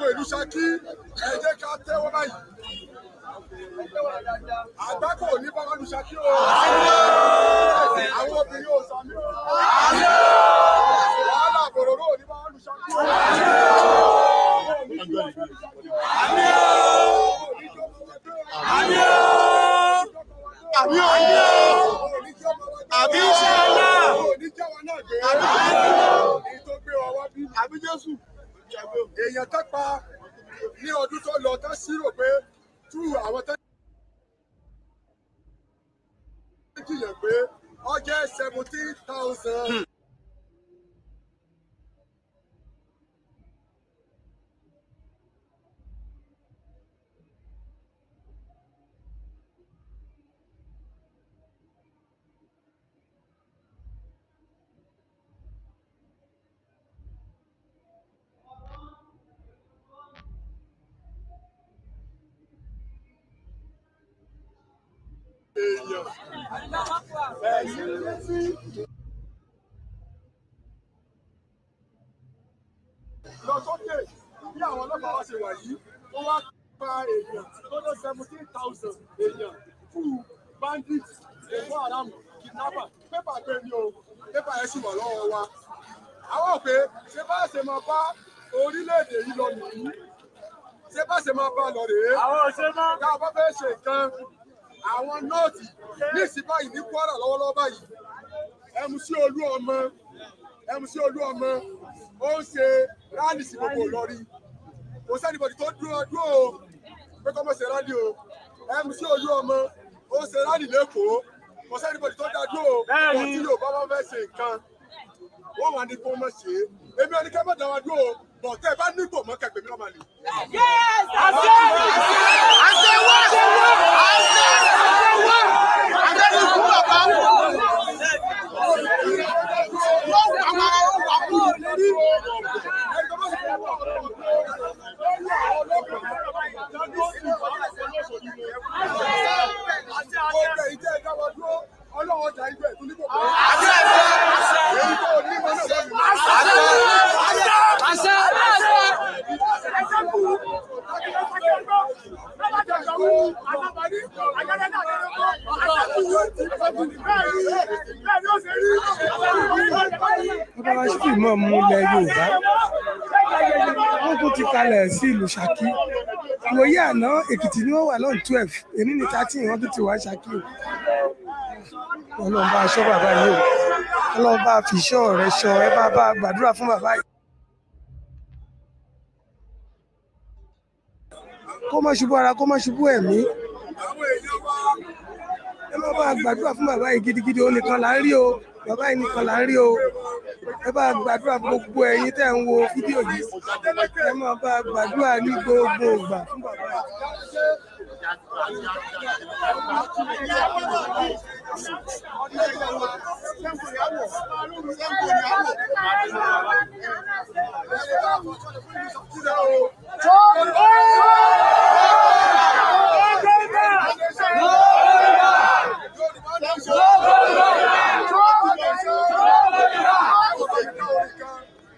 gbogbo ìlú Ṣakí ẹ ká tẹ́wọ́ báyìí. Àgbákò ní bámánú Ṣakí o. Àwọn obìnrin ò sàmí o. Wàhálà bòròrò ní bámánú Ṣakí o. Àmín o. Àmín o. Àmín o. Àmín o. Àmín o. Àmín Jésù èèyàn tó pa ní ọdún tó lọ tó ṣírò pé tú àwọn tó ń pé ó seventeen thousand. lọ sókè bí àwọn ọlọ́pàá wa ṣe wà yìí ó wá pa èèyàn tó lọ seventeen thousand èèyàn fún bandit èèyàn haram kidnapper pépà pé ni o pépà yẹn sì wà lọ́wọ́ wa àwọn pé ṣé bá ṣe máa bá orílẹ̀-èdè yìí lọ nìyí ṣé bá ṣe máa bá lọ rèé àwọn ṣe máa ká bá fẹ́ ṣe nǹkan àwọn nọ́ọ̀tì ní ìsìn báyìí ní Kwara lọ́wọ́lọ́wọ́ báyìí MC olú ọmọ MC olú ọmọ ó ń ṣe rálì sí gbogbo Ìlọrin kò sẹ́nibọ̀dì tó dúró dúró o pé kọ́mọ̀ ṣe rálì o MC olú ọmọ ó ń ṣe rálì lẹ́kọ̀ọ́ kò sẹ́nibọ̀dì tó dá dúró o kò tí yóò bá wọn fẹ́ ṣe nǹkan wọ́n wà ní kó mọ̀ ṣe é èmi ẹni kẹ́ mọ̀ dá wa dúró o bọ̀ tẹ́ ẹ bá ní kò mọ́ kẹ́ pèmí lọ́mọ bàbá wa ṣífì mọ̀ mú ilẹ̀ yorùbá wọ́n tún ti kalẹ̀ sí ìlú ṣakí ìwòye àná èkìtì ni wọ́n wà lọ́n twelve èmi ní thirteen wọ́n tún ti wá ṣakí o ọlọ́run bá aṣọ bàbá yìí o ọlọ́run bá fi iṣọ́ rẹ ṣọ́ ẹ bá bá gbàdúrà fún bàbá yìí. kó má ṣubú ara kó má ṣubú ẹ̀mí a gbàdúrà fún bàbá yìí gidigidi òun nìkan là ń rí o bàbá yìí nìkan là ń rí o ẹ bá a gbàdúrà gbogbo ẹ̀yin tẹ́ ń wo fídíò yìí ẹ máa bá gbàdúrà ní gbogbo ìgbà fún bàbá yìí.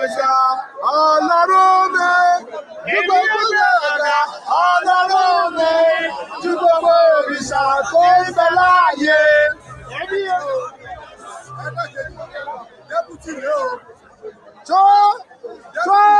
òrìṣà ọlọ́run mi dúpẹ́ gbogbo ọ̀dà ọlọ́run mi dúpẹ́ gbogbo òrìṣà tó ń bẹ láàyè. tó tó.